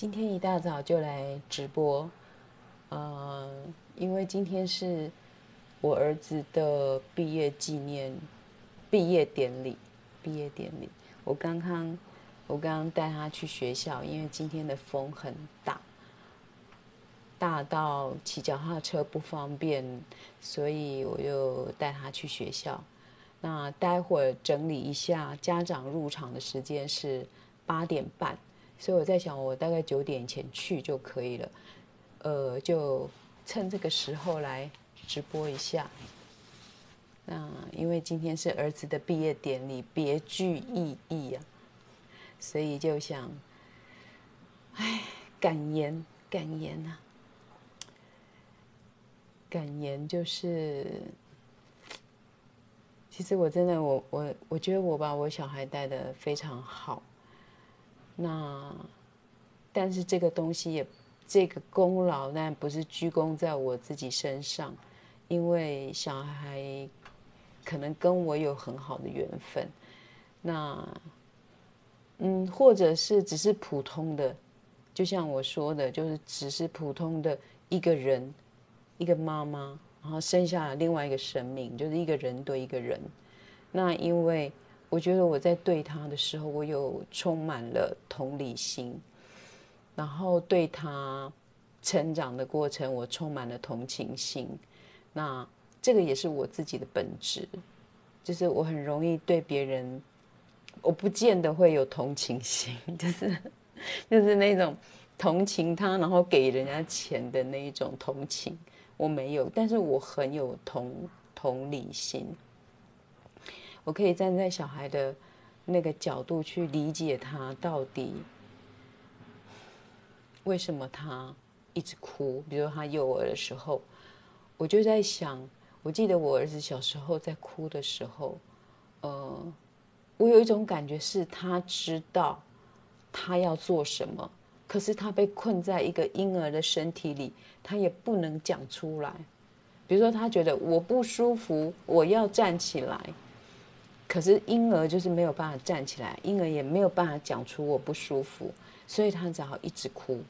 今天一大早就來直播，呃，因為今天是我兒子的畢業紀念、畢業典禮、畢業典禮。我剛剛，我剛剛帶他去學校，因為今天的風很大，大到騎腳踏車不方便，所以我又帶他去學校。那待會兒整理一下，家長入場的時間是八點半。所以我在想，我大概九點前去就可以了，呃，就趁這個時候來直播一下。那因為今天是兒子的畢業典禮，別具意義啊，所以就想，哎，感言，感言啊，感言就是，其實我真的，我我我覺得我把我小孩帶得非常好。那，但是這個東西也，這個功勞，那不是居功在我自己身上，因為小孩可能跟我有很好的緣分，那，嗯，或者是只是普通的，就像我說的，就是只是普通的一個人，一個媽媽，然後生下了另外一個生命，就是一個人對一個人，那因為。我覺得我在對他的時候，我有充滿了同理心，然後對他成長的過程，我充滿了同情心。那這個也是我自己的本質，就是我很容易對別人，我不見得會有同情心，就是就是那種同情他，然後給人家錢的那一種同情，我沒有，但是我很有同同理心。我可以站在小孩的那個角度去理解他到底為什麼他一直哭。比如說他幼兒的時候，我就在想，我記得我兒子小時候在哭的時候，呃，我有一種感覺是他知道他要做什麼，可是他被困在一個嬰兒的身體裡，他也不能講出來。比如說，他覺得我不舒服，我要站起來。可是嬰兒就是沒有辦法站起來，嬰兒也沒有辦法講出我不舒服，所以他只好一直哭，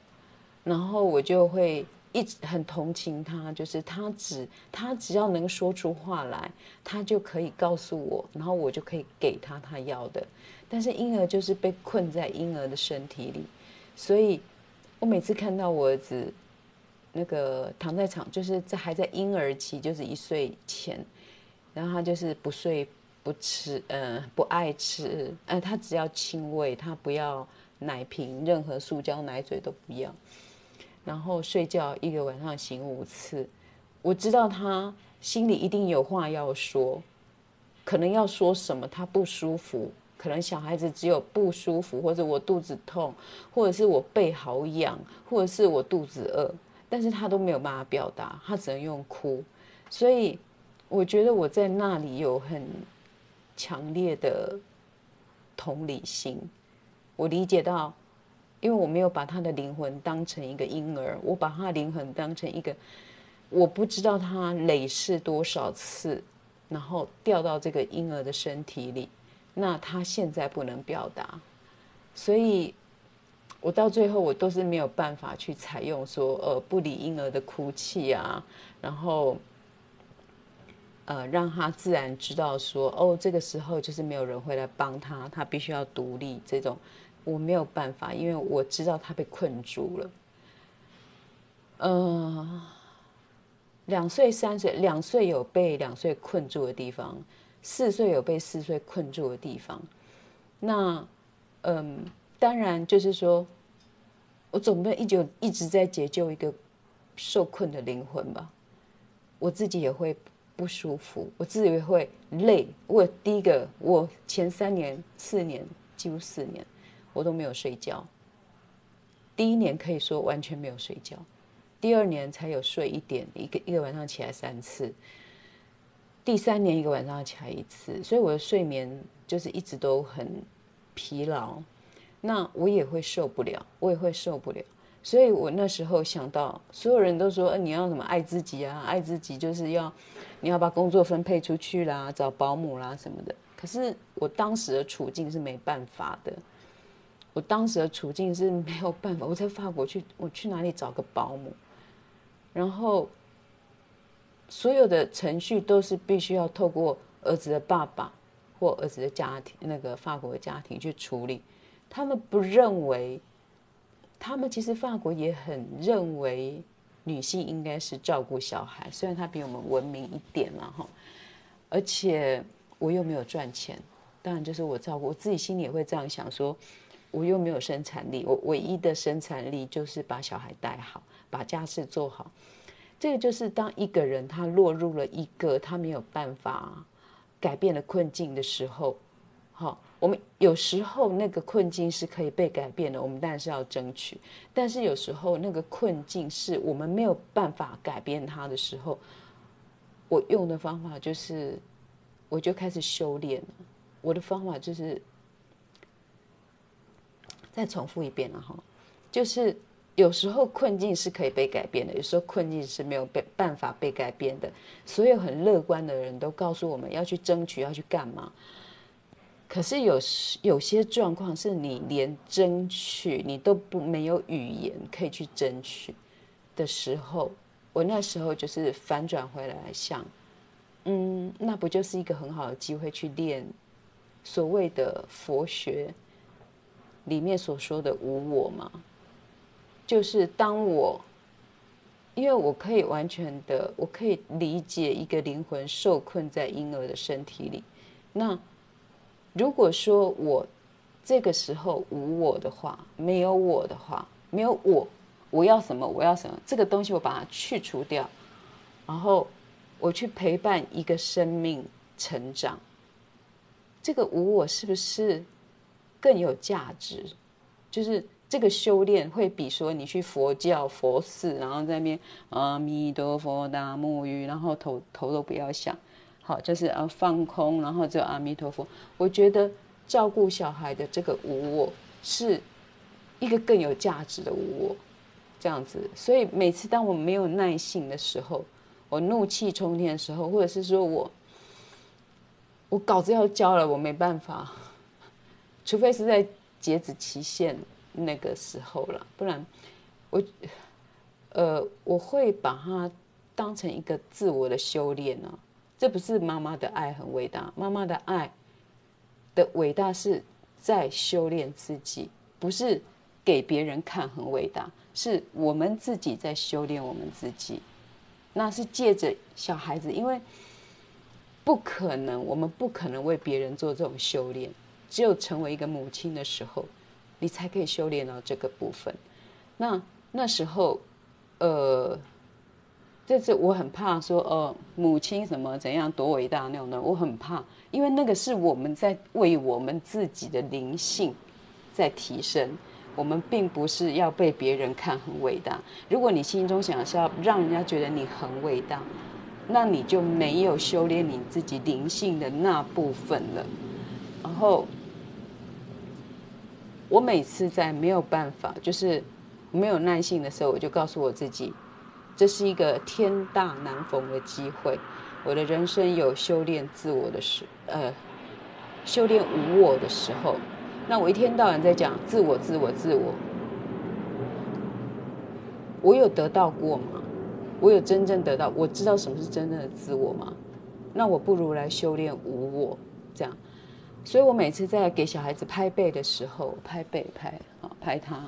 然後我就會一直很同情他，就是他只他只要能說出話來，他就可以告訴我，然後我就可以給他他要的。但是嬰兒就是被困在嬰兒的身體裡，所以我每次看到我兒子那個躺在床，就是在還在嬰兒期，就是一歲前，然後他就是不睡。不吃，嗯、呃，不愛吃，哎、呃，他只要親餵，他不要奶瓶，任何塑膠奶嘴都不要。然後睡覺一個晚上醒五次，我知道他心裡一定有話要說，可能要說什麼？他不舒服，可能小孩子只有不舒服，或者我肚子痛，或者是我背好癢，或者是我肚子餓，但是他都沒有辦法表達，他只能用哭。所以我覺得我在那裡有很。強烈的同理心，我理解到，因為我沒有把他的靈魂當成一個嬰兒，我把他的靈魂當成一個我不知道他累世多少次，然後掉到這個嬰兒的身體裡，那他現在不能表達，所以我到最後我都是沒有辦法去採用說，呃，不理嬰兒的哭泣啊，然後。呃，讓他自然知道說，哦，這個時候就是沒有人會來幫他，他必須要獨立。這種我沒有辦法，因為我知道他被困住了。嗯、呃，兩歲、三歲，兩歲有被兩歲困住的地方，四歲有被四歲困住的地方。那，嗯、呃，當然就是說，我總不能一直一直在解救一個受困的靈魂吧，我自己也會。不舒服，我自以為會累。我第一個，我前三年、四年幾乎四年，我都沒有睡覺。第一年可以說完全沒有睡覺，第二年才有睡一點，一個一個晚上起來三次。第三年一個晚上要起來一次，所以我的睡眠就是一直都很疲勞。那我也會受不了，我也會受不了。所以我那時候想到，所有人都說，你要什麼愛自己啊？愛自己就是要，你要把工作分配出去啦，找保姆啦什麼的。可是我當時的處境是沒辦法的，我當時的處境是沒有辦法。我在法國去，我去哪裡找個保姆？然後所有的程序都是必須要透過兒子的爸爸或兒子的家庭，那個法國的家庭去處理。他們不認為。他們其實法國也很認為女性應該是照顧小孩，雖然她比我們文明一點了哈，而且我又沒有賺錢，當然就是我照顧我自己心裡也會這樣想說，我又沒有生產力，我唯一的生產力就是把小孩帶好，把家事做好。這個就是當一個人他落入了一個他沒有辦法改變的困境的時候，好。我們有時候那個困境是可以被改變的，我們當然是要爭取。但是有時候那個困境是我們沒有辦法改變它的時候，我用的方法就是，我就開始修煉了。我的方法就是，再重複一遍了、啊、哈，就是有時候困境是可以被改變的，有時候困境是沒有辦法被改變的。所有很樂觀的人都告訴我們要去爭取，要去幹嘛？可是有時有些狀況是你連爭取你都不沒有語言可以去爭取的時候，我那時候就是反轉回來想，嗯，那不就是一個很好的機會去練所謂的佛學裡面所說的無我嗎？就是當我因為我可以完全的，我可以理解一個靈魂受困在嬰兒的身體裡，那。如果說我這個時候無我的話，沒有我的話，沒有我，我要什麼？我要什麼？這個東西我把它去除掉，然後我去陪伴一個生命成長，這個無我是不是更有價值？就是這個修煉會比說你去佛教佛寺，然後在那邊阿彌陀佛打木魚，然後頭頭都不要想。好，就是啊，放空，然後就阿彌陀佛。我覺得照顧小孩的這個無我是一個更有價值的無我，這樣子。所以每次當我沒有耐性的時候，我怒氣衝天的時候，或者是說我我稿子要交了，我沒辦法，除非是在截止期限那個時候了，不然我呃，我會把它當成一個自我的修煉啊。這不是媽媽的愛很偉大，媽媽的愛的偉大是在修煉自己，不是給別人看很偉大，是我們自己在修煉我們自己。那是借着小孩子，因為不可能，我們不可能為別人做這種修煉，只有成為一個母親的時候，你才可以修煉到這個部分。那那時候，呃，這次我很怕說，呃、哦，母親什麼怎樣多偉大那種呢，我很怕，因為那個是我們在為我們自己的靈性在提升，我們並不是要被別人看很偉大。如果你心中想要讓人家覺得你很偉大，那你就沒有修煉你自己靈性的那部分了。然後，我每次在沒有辦法，就是沒有耐性的時候，我就告訴我自己。這是一個天大難逢的機會。我的人生有修煉自我的時，呃，修煉無我的時候，那我一天到晚在講自我、自我、自我，我有得到過嗎？我有真正得到？我知道什麼是真正的自我嗎？那我不如來修煉無我，這樣。所以我每次在給小孩子拍背的時候，拍背拍啊拍他，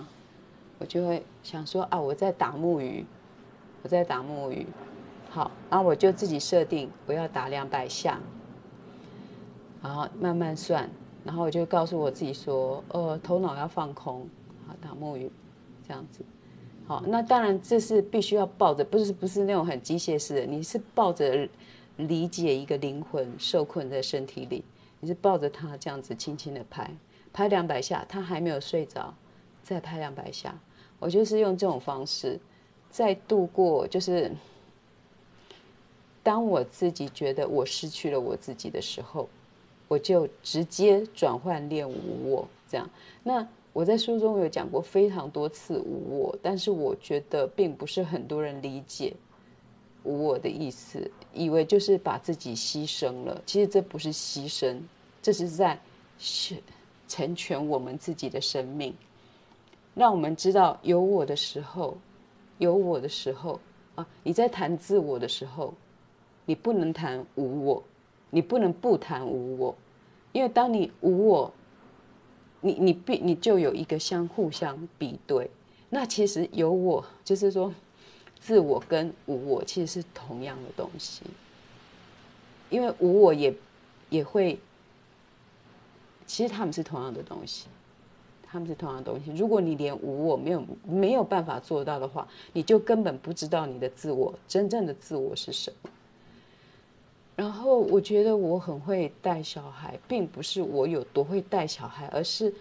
我就會想說啊，我在打木魚。我在打木魚，好，然後我就自己設定我要打兩百下，然後慢慢算，然後我就告訴我自己說，呃，頭腦要放空，好，打木魚，這樣子，好，那當然這是必須要抱着，不是不是那種很機械式的，你是抱着理解一個靈魂受困在身體裡，你是抱着他這樣子輕輕的拍，拍兩百下，他還沒有睡着，再拍兩百下，我就是用這種方式。再度過，就是當我自己覺得我失去了我自己的時候，我就直接轉換練無我這樣。那我在書中有講過非常多次無我，但是我覺得並不是很多人理解無我的意思，以為就是把自己犧牲了。其實這不是犧牲，這是在成成全我們自己的生命，讓我們知道有我的時候。有我的時候，啊，你在談自我的時候，你不能談無我，你不能不談無我，因為當你無我，你你必你就有一個相互相比對，那其實有我就是說，自我跟無我其實是同樣的東西，因為無我也也會，其實他們是同樣的東西。他們是同樣的東西。如果你連無我沒有沒有辦法做到的話，你就根本不知道你的自我，真正的自我是什麼。然後我覺得我很會帶小孩，並不是我有多會帶小孩，而是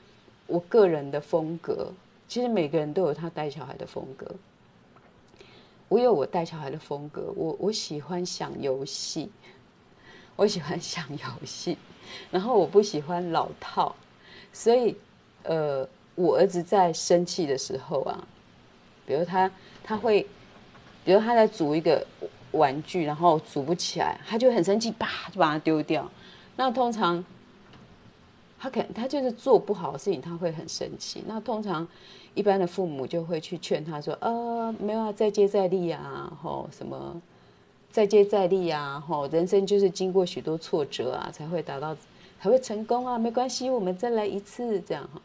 我個人的風格。其實每個人都有他帶小孩的風格。我有我帶小孩的風格。我我喜歡想遊戲，我喜歡想遊戲，然後我不喜歡老套，所以。呃，我兒子在生氣的時候啊，比如他他會，比如他在組一個玩具，然後組不起來，他就很生氣，啪就把它丟掉。那通常他肯他就是做不好的事情，他會很生氣。那通常一般的父母就會去勸他說：“呃，沒有啊，再接再厲啊，吼什麼，再接再厲啊，吼人生就是經過許多挫折啊，才會達到才會成功啊，沒關係，我們再來一次，這樣哈。”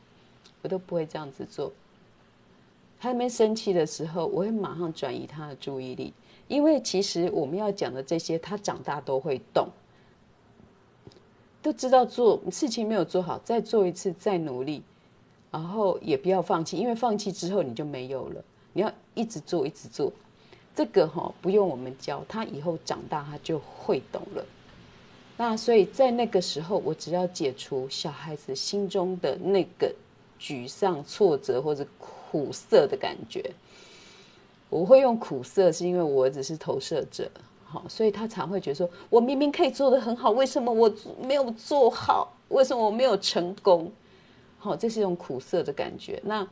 我都不會這樣子做。還沒生氣的時候，我會馬上轉移他的注意力，因為其實我們要講的這些，他長大都會懂，都知道做事情沒有做好，再做一次，再努力，然後也不要放棄，因為放棄之後你就沒有了。你要一直做，一直做，這個哈、哦、不用我們教，他以後長大他就會懂了。那所以在那個時候，我只要解除小孩子心中的那個。沮喪、挫折或者苦澀的感覺，我會用苦澀，是因為我兒子是投射者，好、哦，所以他常會覺得說，我明明可以做得很好，為什麼我沒有做好？為什麼我沒有成功？好、哦，這是一種苦澀的感覺。那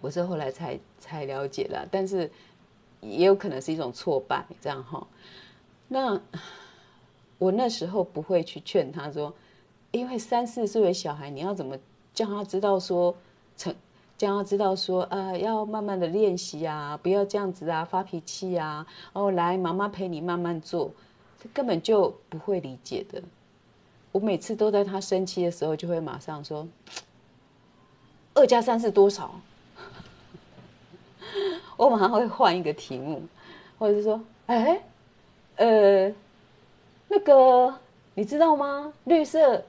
我是後來才才了解了，但是也有可能是一種挫敗，這樣哈。那我那時候不會去勸他說，因為三四歲的小孩，你要怎麼？叫他知道說成，叫他知道說啊、呃，要慢慢的練習啊，不要這樣子啊，發脾氣啊。哦，來，媽媽陪你慢慢做，他根本就不會理解的。我每次都在他生氣的時候，就會馬上說：“二加三是多少？” 我馬上會換一個題目，或者是說：“哎，呃，那個你知道嗎？綠色，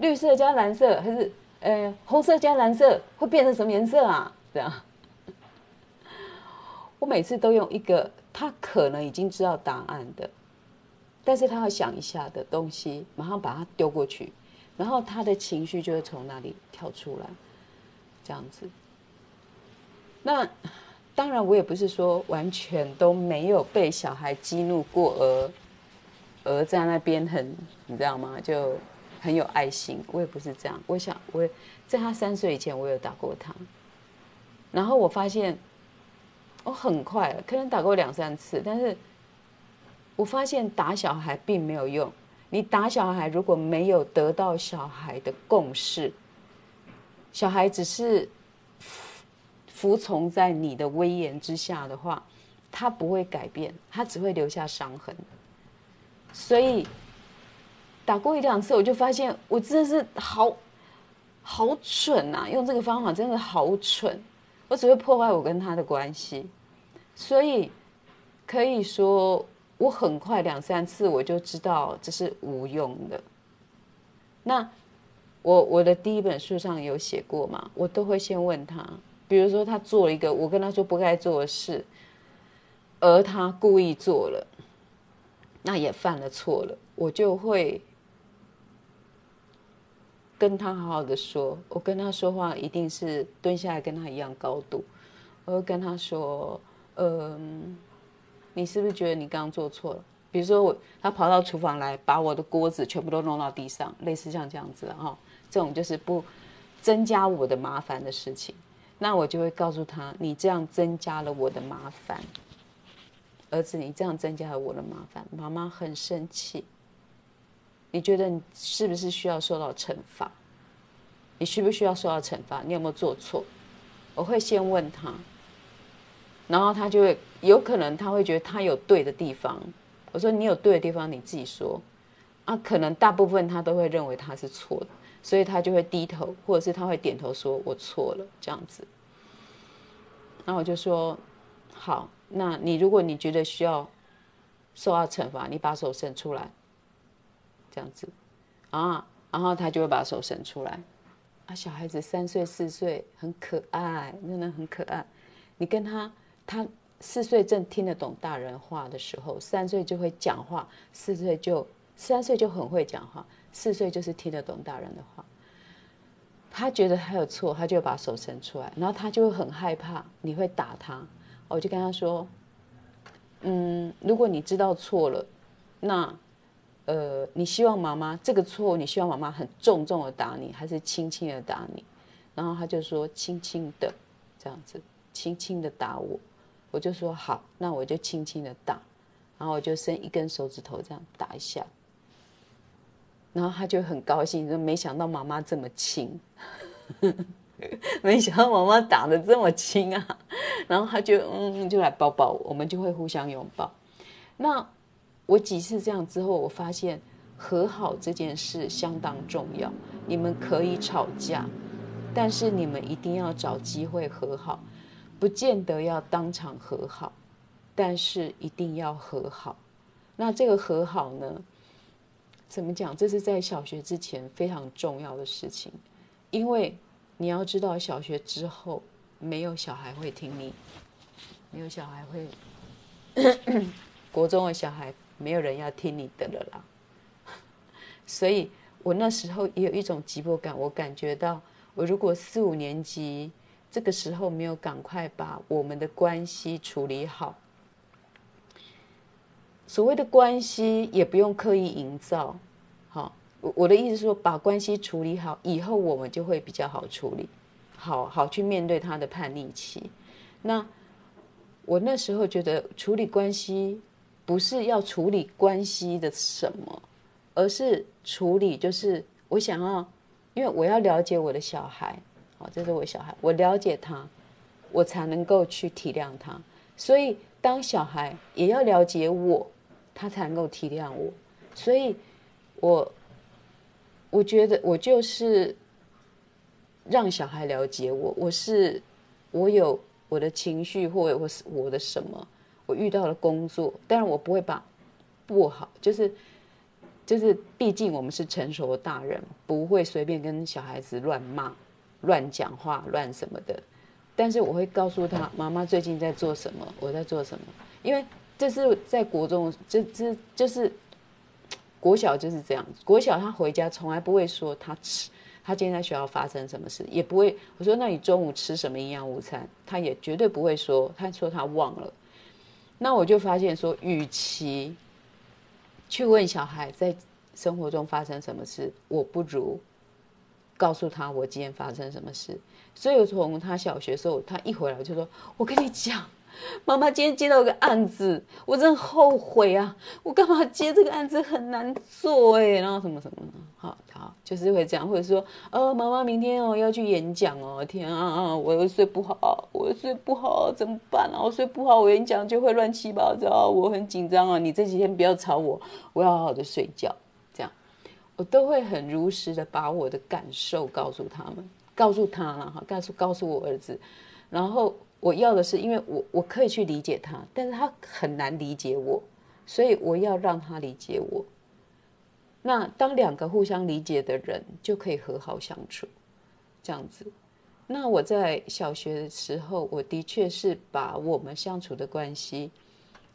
綠色加藍色還是？”呃，紅色加藍色會變成什麼顏色啊？這樣，我每次都用一個他可能已經知道答案的，但是他要想一下的東西，馬上把它丟過去，然後他的情緒就會從那裡跳出來，這樣子。那當然，我也不是說完全都沒有被小孩激怒過而，而而在那邊很，你知道嗎？就。很有愛心，我也不是這樣。我想我在他三歲以前，我有打過他，然後我發現我很快，可能打過兩三次，但是我發現打小孩並沒有用。你打小孩如果沒有得到小孩的共識，小孩只是服從在你的威嚴之下的話，他不會改變，他只會留下傷痕。所以。打過一兩次，我就發現我真的是好好蠢吶！用這個方法真的好蠢，我只會破壞我跟他的關係。所以可以說，我很快兩三次我就知道這是無用的。那我我的第一本書上有寫過嘛，我都會先問他，比如說他做了一個我跟他說不該做的事，而他故意做了，那也犯了錯了，我就會。跟他好好的說，我跟他說話一定是蹲下來跟他一樣高度。我會跟他說：“嗯，你是不是覺得你剛剛做錯了？比如說我他跑到廚房來，把我的鍋子全部都弄到地上，類似像這樣子哈、哦，這種就是不增加我的麻煩的事情。那我就會告訴他：你這樣增加了我的麻煩，兒子，你這樣增加了我的麻煩，媽媽很生氣。”你覺得你是不是需要受到懲罰？你需不需要受到懲罰？你有沒有做錯？我會先問他，然後他就會有可能他會覺得他有對的地方。我說你有對的地方，你自己說。啊，可能大部分他都會認為他是錯的，所以他就會低頭，或者是他會點頭說“我錯了”這樣子。然後我就說：“好，那你如果你覺得需要受到懲罰，你把手伸出來。”這樣子，啊，然後他就會把手伸出來，啊，小孩子三歲四歲很可愛，真的很可愛。你跟他，他四歲正聽得懂大人話的時候，三歲就會講話，四歲就三歲就很會講話，四歲就是聽得懂大人的話。他覺得他有錯，他就把手伸出來，然後他就會很害怕你會打他。我就跟他說，嗯，如果你知道錯了，那。呃，你希望媽媽這個錯，你希望媽媽很重重的打你，還是輕輕的打你？然後他就說：“輕輕的，這樣子，輕輕的打我。”我就說：“好，那我就輕輕的打。”然後我就伸一根手指頭這樣打一下。然後他就很高興，就沒想到媽媽這麼輕， 沒想到媽媽打得這麼輕啊！”然後他就嗯，就來抱抱我，我們就會互相擁抱。那。我幾次這樣之後，我發現和好這件事相當重要。你們可以吵架，但是你們一定要找機會和好，不見得要當場和好，但是一定要和好。那這個和好呢？怎麼講？這是在小學之前非常重要的事情，因為你要知道，小學之後沒有小孩會聽你，沒有小孩會， 國中的小孩。沒有人要聽你的了啦，所以我那時候也有一種急迫感。我感覺到，我如果四五年級這個時候沒有趕快把我們的關係處理好，所謂的關係也不用刻意營造。好，我我的意思是說，把關係處理好以後，我們就會比較好處理，好好去面對他的叛逆期。那我那時候覺得處理關係。不是要處理關係的什麼，而是處理就是我想要，因為我要了解我的小孩，好，哦，這是我的小孩，我了解他，我才能夠去體諒他。所以當小孩也要了解我，他才能夠體諒我。所以，我我覺得我就是讓小孩了解我，我是我有我的情緒或我我的什麼。我遇到了工作，但是我不會把不好，就是就是，畢竟我們是成熟的大人，不會隨便跟小孩子亂罵、亂講話、亂什麼的。但是我會告訴他，媽媽最近在做什麼，我在做什麼，因為這是在國中，這這就是、就是、國小就是這樣。國小他回家從來不會說他吃，他今天在學校發生什麼事，也不會。我說那你中午吃什麼營養午餐，他也絕對不會說，他說他忘了。那我就發現說，與其去問小孩在生活中發生什麼事，我不如告訴他我今天發生什麼事。所以我從他小學時候，他一回來我就說：“我跟你講。”媽媽今天接到一個案子，我真的後悔啊！我幹嘛接這個案子，很難做哎、欸，然後什麼什麼的，好，好，就是會這樣，或者說，呃、哦，媽媽明天哦要去演講哦，天啊，我又睡不好，我又睡不好，怎麼辦啊？我睡不好，我演講就會亂七八糟、哦，我很緊張啊，你這幾天不要吵我，我要好好的睡覺，這樣，我都會很如實的把我的感受告訴他們，告訴他了哈，告訴告訴我兒子，然後。我要的是，因為我我可以去理解他，但是他很難理解我，所以我要讓他理解我。那當兩個互相理解的人，就可以和好相處。這樣子，那我在小學的時候，我的確是把我們相處的關係，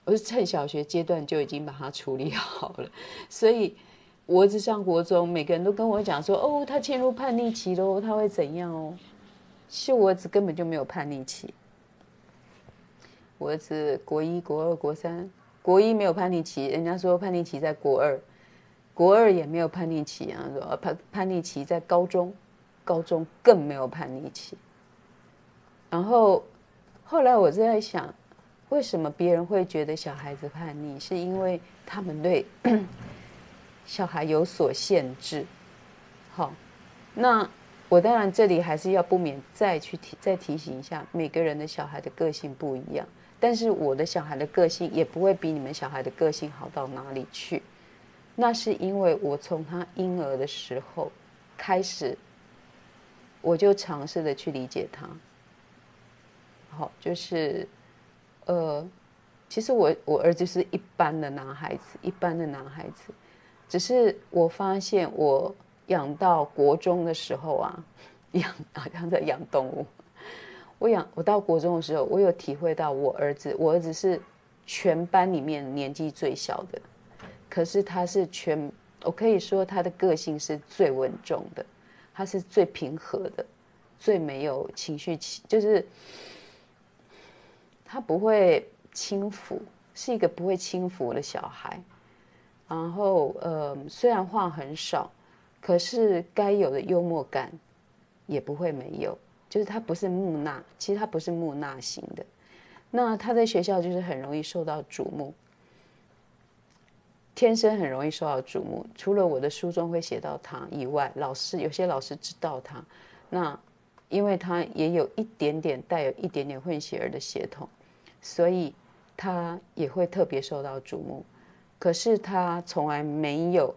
我是趁小學階段就已經把它處理好了。所以，我兒子上國中，每個人都跟我講說：“哦，他陷入叛逆期嘍，他會怎樣哦？”是我兒子根本就沒有叛逆期。我兒子國一、國二、國三，國一沒有叛逆期，人家說叛逆期在國二，國二也沒有叛逆期啊，叛叛逆期在高中，高中更沒有叛逆期。然後後來我就在想，為什麼別人會覺得小孩子叛逆？是因為他們對小孩有所限制。好，那我當然這裡還是要不免再去提再提醒一下，每個人的小孩的個性不一樣。但是我的小孩的個性也不會比你們小孩的個性好到哪裡去，那是因為我從他嬰兒的時候開始，我就嘗試的去理解他。好，哦，就是，呃，其實我我兒子是一般的男孩子，一般的男孩子，只是我發現我養到國中的時候啊，養好像在養動物。我養我到國中的時候，我有體會到我兒子。我兒子是全班裡面年紀最小的，可是他是全，我可以說他的個性是最穩重的，他是最平和的，最沒有情緒起，就是他不會輕浮，是一個不會輕浮的小孩。然後，呃雖然話很少，可是該有的幽默感也不會沒有。就是他不是木訥，其實他不是木訥型的。那他在學校就是很容易受到矚目，天生很容易受到矚目。除了我的書中會寫到他以外，老師有些老師知道他。那因為他也有一點點帶有一點點混血兒的血統，所以他也會特別受到矚目。可是他從來沒有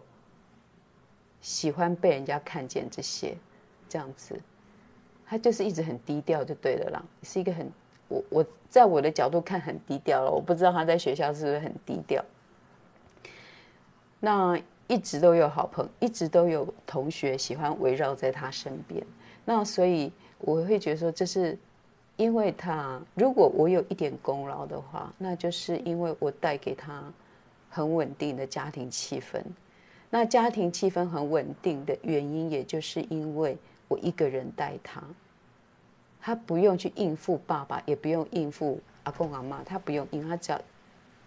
喜歡被人家看見這些，這樣子。他就是一直很低調，就對了啦。是一個很，我我在我的角度看很低調了。我不知道他在學校是不是很低調。那一直都有好朋友，一直都有同學喜歡圍繞在他身邊。那所以我會覺得說，這是因為他如果我有一點功勞的話，那就是因為我帶給他很穩定的家庭氣氛。那家庭氣氛很穩定的原因，也就是因為。我一個人帶他，他不用去應付爸爸，也不用應付阿公阿媽，他不用應，因為他只要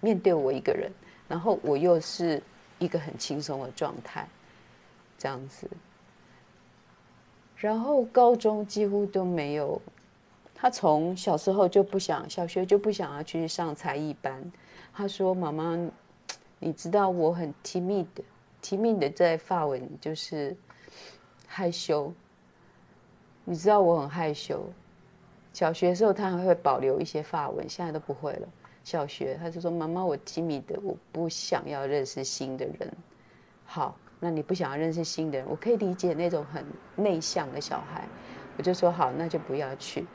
面對我一個人，然後我又是一個很輕鬆的狀態，這樣子。然後高中幾乎都沒有，他從小時候就不想，小學就不想要去上才藝班。他說：“媽媽，你知道我很 timid 的，timid 的，在法文就是害羞。”你知道我很害羞，小學的時候他還會保留一些發文，現在都不會了。小學他就說：“媽媽，我聽你的，我不想要認識新的人。”好，那你不想要認識新的人，我可以理解那種很內向的小孩。我就說：“好，那就不要去。”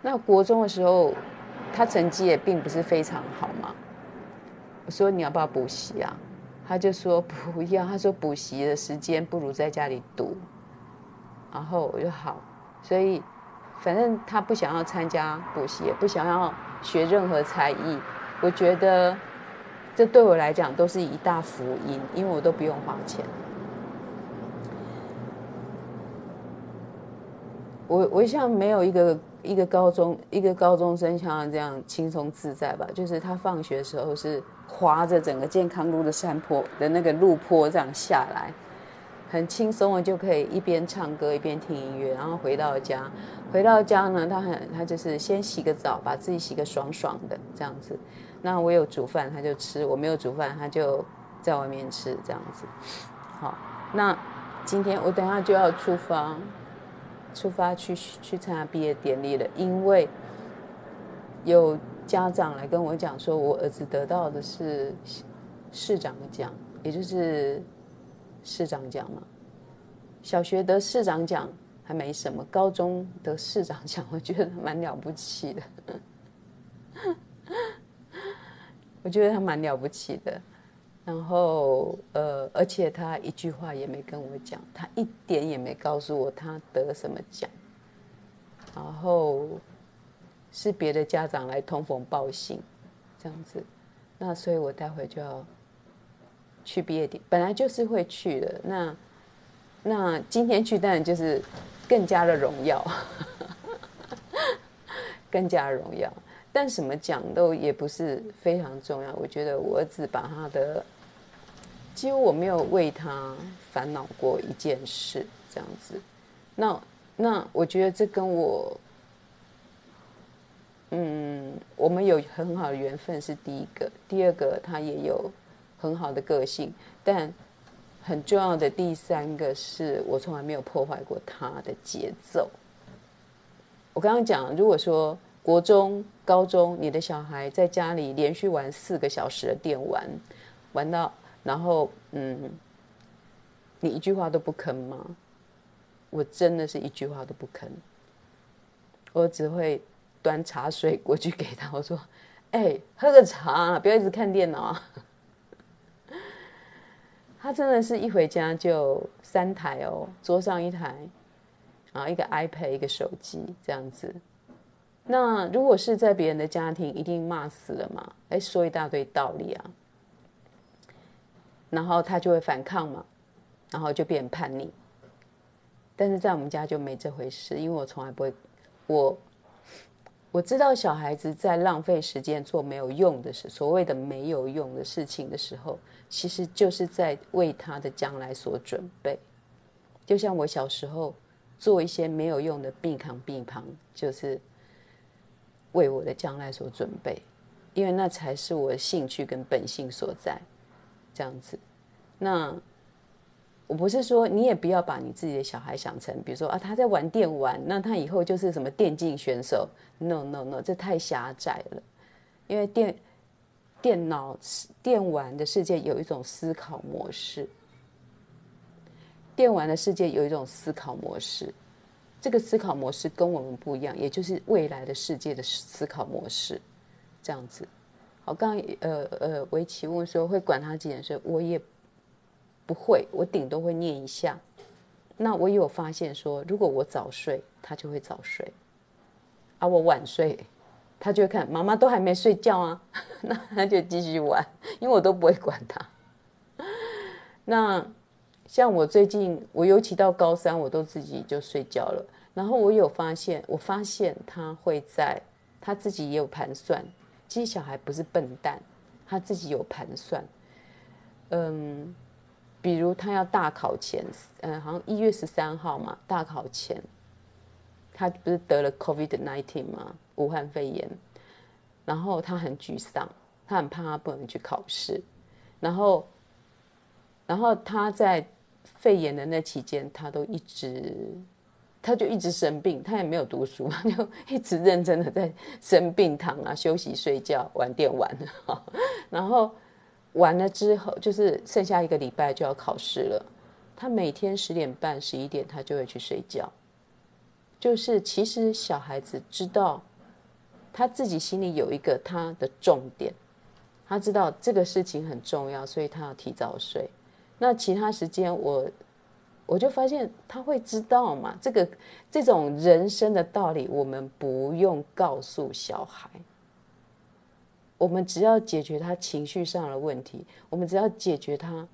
那國中的時候，他成績也並不是非常好嘛。我說：“你要不要補習啊？”他就說：“不要。”他說：“補習的時間不如在家裡讀。”然後我就好。所以，反正他不想要參加補習，也不想要學任何才藝。我覺得，這對我來講都是一大福音，因為我都不用花錢。我我像沒有一個一個高中一個高中生像這樣輕鬆自在吧？就是他放學的時候是滑着整個健康路的山坡的那個路坡這樣下來。很輕鬆，我就可以一邊唱歌一邊聽音樂，然後回到家，回到家呢，他很他就是先洗個澡，把自己洗個爽爽的這樣子。那我有煮飯，他就吃；我沒有煮飯，他就在外面吃這樣子。好，那今天我等下就要出發，出發去去參加畢業典禮了，因為有家長來跟我講說，我兒子得到的是市長的獎，也就是。市長獎嘛，小學得市長獎還沒什麼，高中得市長獎，我覺得蠻了不起的。 我覺得他蠻了不起的。然後，呃，而且他一句話也沒跟我講，他一點也沒告訴我他得什麼獎。然後是別的家長來通風報信，這樣子。那所以我待會就要。去畢業典禮，本來就是會去的，那那今天去當然就是更加的榮耀，呵呵呵，更加的榮耀。但什麼獎都也不是非常重要，我覺得我兒子把他的幾乎，我沒有為他煩惱過一件事這樣子。那那我覺得這跟我嗯，我們有很好的緣分是第一個，第二個他也有很好的個性，但很重要的第三個是我從來沒有破壞過他的節奏。我剛剛講，如果說國中、高中，你的小孩在家裡連續玩四個小時的電玩，玩到然後嗯，你一句話都不吭嗎？我真的是一句話都不吭，我只會端茶水過去給他，我說：“哎、欸，喝個茶，不要一直看電腦啊。”他真的是一回家就三台哦，桌上一台，然後一個 iPad 一個手機這樣子。那如果是在別人的家庭，一定罵死了嘛，哎，說一大堆道理啊，然後他就會反抗嘛，然後就變叛逆。但是在我們家就沒這回事，因為我從來不會我。我知道小孩子在浪費時間做沒有用的事，所謂的沒有用的事情的時候，其實就是在為他的將來所準備。就像我小時候做一些沒有用的病扛病旁，就是為我的將來所準備，因為那才是我的興趣跟本性所在。這樣子，那。我不是說你也不要把你自己的小孩想成，比如說啊，他在玩電玩，那他以後就是什麼電競選手？No No No，這太狹窄了。因為電、電腦、電玩的世界有一種思考模式，電玩的世界有一種思考模式，這個思考模式跟我們不一樣，也就是未來的世界的思考模式，這樣子。好，剛、剛呃呃，維奇問、問說會管他幾點睡，我也。不會，我頂多會念一下。那我有發現說，如果我早睡，他就會早睡；啊，我晚睡，他就會看媽媽都還沒睡覺啊，那他就繼續玩，因為我都不會管他。那像我最近，我尤其到高三，我都自己就睡覺了。然後我有發現，我發現他會在他自己也有盤算。其實小孩不是笨蛋，他自己有盤算。嗯。比如他要大考前，嗯、呃，好像一月十三號嘛，大考前，他不是得了 COVID-19 嘛，武漢肺炎，然後他很沮喪，他很怕他不能去考試，然後，然後他在肺炎的那期間，他都一直，他就一直生病，他也沒有讀書，他就一直認真的在生病躺啊，休息睡覺，玩電玩，呵呵，然後。完了之後，就是剩下一個禮拜就要考試了。他每天十點半、十一點，他就會去睡覺。就是其實小孩子知道，他自己心裡有一個他的重點，他知道這個事情很重要，所以他要提早睡。那其他時間我，我我就發現他會知道嘛。這個這種人生的道理，我們不用告訴小孩。我們只要解決他情緒上的問題，我們只要解決他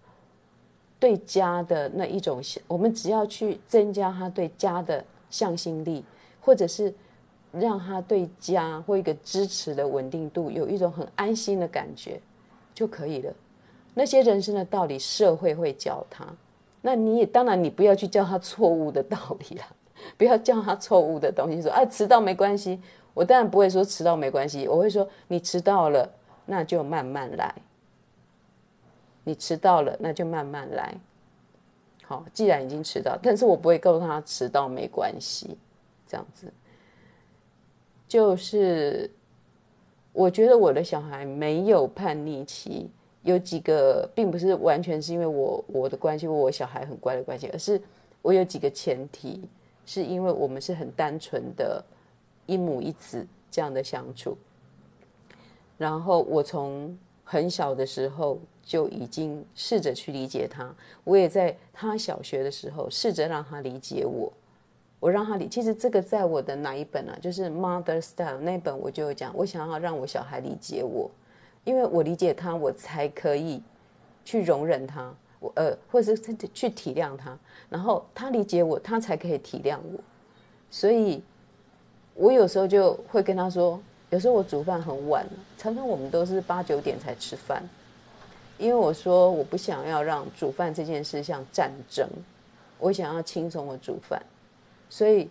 對家的那一種，我們只要去增加他對家的向心力，或者是讓他對家或一個支持的穩定度有一種很安心的感覺就可以了。那些人生的道理，社會會教他。那你也當然，你不要去教他錯誤的道理了，不要教他錯誤的東西，說啊，遲到沒關係。我當然不會說遲到沒關係，我會說你遲到了，那就慢慢來。你遲到了，那就慢慢來。好，既然已經遲到，但是我不會告訴他遲到沒關係，這樣子。就是我覺得我的小孩沒有叛逆期，有幾個並不是完全是因為我我的關係，或我小孩很乖的關係，而是我有幾個前提，是因為我們是很單純的。一母一子這樣的相處，然後我從很小的時候就已經試着去理解他。我也在他小學的時候試着讓他理解我。我讓他理，其實這個在我的哪一本啊？就是《Mother Style》那本，我就講我想要讓我小孩理解我，因為我理解他，我才可以去容忍他，我呃，或者是真的去體諒他。然後他理解我，他才可以體諒我。所以。我有時候就會跟他說，有時候我煮飯很晚，常常我們都是八九點才吃飯，因為我說我不想要讓煮飯這件事像戰爭，我想要輕鬆的煮飯，所以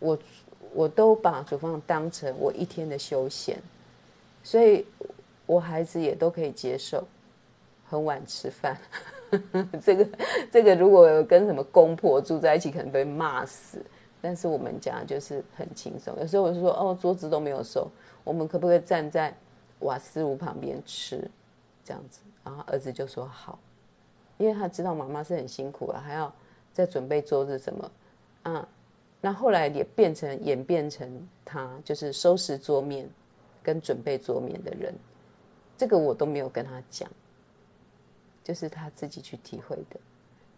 我，我我都把煮飯當成我一天的休閒，所以我孩子也都可以接受很晚吃飯，呵呵，這個這個如果跟什麼公婆住在一起，可能被罵死。但是我們家就是很輕鬆，有時候我就說：“哦，桌子都沒有收，我們可不可以站在瓦斯爐旁邊吃，這樣子？”然後兒子就說：“好。”因為他知道媽媽是很辛苦啊，還要再準備桌子什麼，嗯、啊。那後來也變成演變成他就是收拾桌面，跟準備桌面的人，這個我都沒有跟他講，就是他自己去體會的。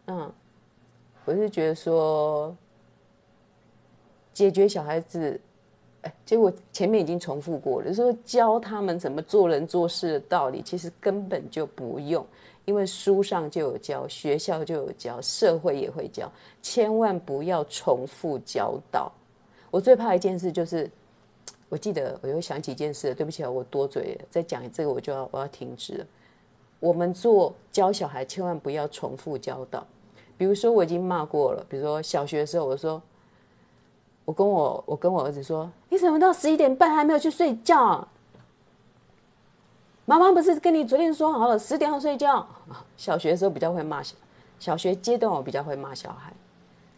嗯、啊，我是覺得說。解決小孩子，哎，結果前面已經重複過了。就是、說教他們怎麼做人做事的道理，其實根本就不用，因為書上就有教，學校就有教，社會也會教。千萬不要重複教導。我最怕的一件事就是，我記得我又想起一件事了，對不起啊，我多嘴了，再講這個我就要我要停止了。我們做教小孩，千萬不要重複教導。比如說我已經罵過了，比如說小學的時候，我說。我跟我我跟我兒子說，你怎麼到十一點半還沒有去睡覺啊？媽媽不是跟你昨天說好了十點要睡覺？小學的時候比較會罵，小小學階段我比較會罵小孩。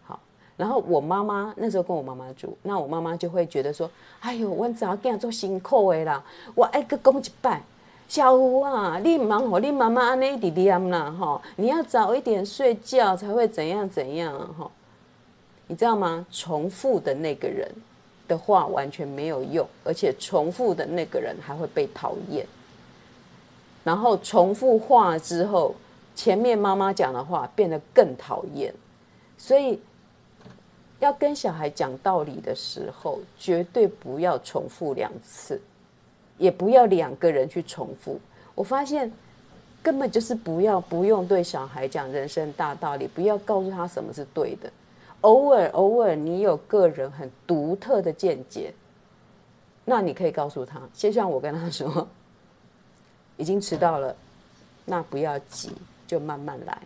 好，然後我媽媽那時候跟我媽媽住，那我媽媽就會覺得說，哎呦，我早起做辛苦的啦，我一個工雞拜小吳啊，你忙活，你媽媽安內一點念啦哈，你要早一點睡覺才會怎樣怎樣哈、啊。你知道嗎？重複的那個人的話完全沒有用，而且重複的那個人還會被討厭。然後重複話之後，前面媽媽講的話變得更討厭。所以，要跟小孩講道理的時候，絕對不要重複兩次，也不要兩個人去重複。我發現根本就是不要、不用對小孩講人生大道理，不要告訴他什麼是對的。偶爾偶爾，你有個人很獨特的見解，那你可以告訴他，先像我跟他說，已經遲到了，那不要急，就慢慢來，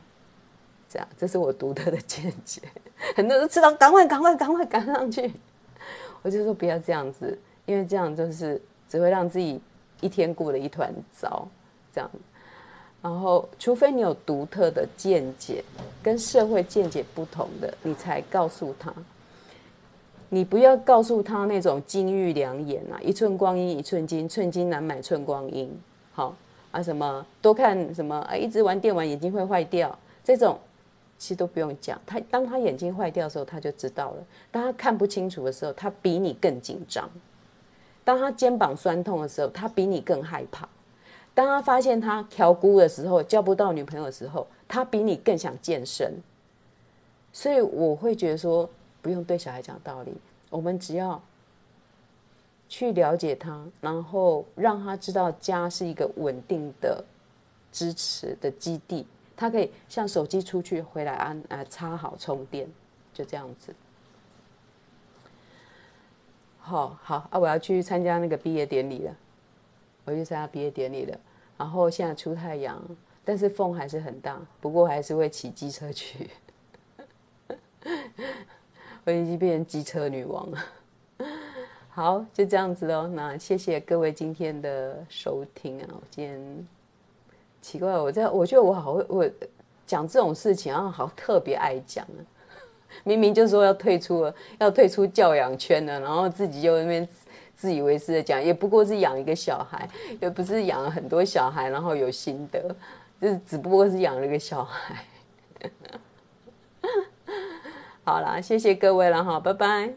這樣，這是我獨特的見解。很多人都知道，趕快趕快趕快趕上去，我就說不要這樣子，因為這樣就是只會讓自己一天過得一團糟，這樣。然後，除非你有獨特的見解，跟社會見解不同的，你才告訴他。你不要告訴他那種金玉良言啊，“一寸光陰一寸金，寸金難買寸光陰。”好，好啊，什麼多看什麼啊、哎，一直玩電玩，眼睛會壞掉。這種其實都不用講，他當他眼睛壞掉的時候，他就知道了。當他看不清楚的時候，他比你更緊張；當他肩膀酸痛的時候，他比你更害怕。當他發現他調姑的時候，交不到女朋友的時候，他比你更想健身，所以我會覺得說，不用對小孩講道理，我們只要去了解他，然後讓他知道家是一個穩定的、支持的基地，他可以像手機出去回來安啊，插好充電，就這樣子。哦、好好啊，我要去參加那個畢業典禮了，我去參加畢業典禮了。然後現在出太陽，但是風還是很大，不過還是會騎機車去， 我已經變成機車女王了。好，就這樣子嘍。那謝謝各位今天的收聽啊！我今天奇怪，我在我覺得我好會，我講這種事情啊，好，好特別愛講啊。明明就說要退出了，要退出教養圈了，然後自己又那邊。自以為是的講，也不過是養一個小孩，也不是養了很多小孩，然後有心得，就是只不過是養了一個小孩。 好啦，謝謝各位了哈，拜拜。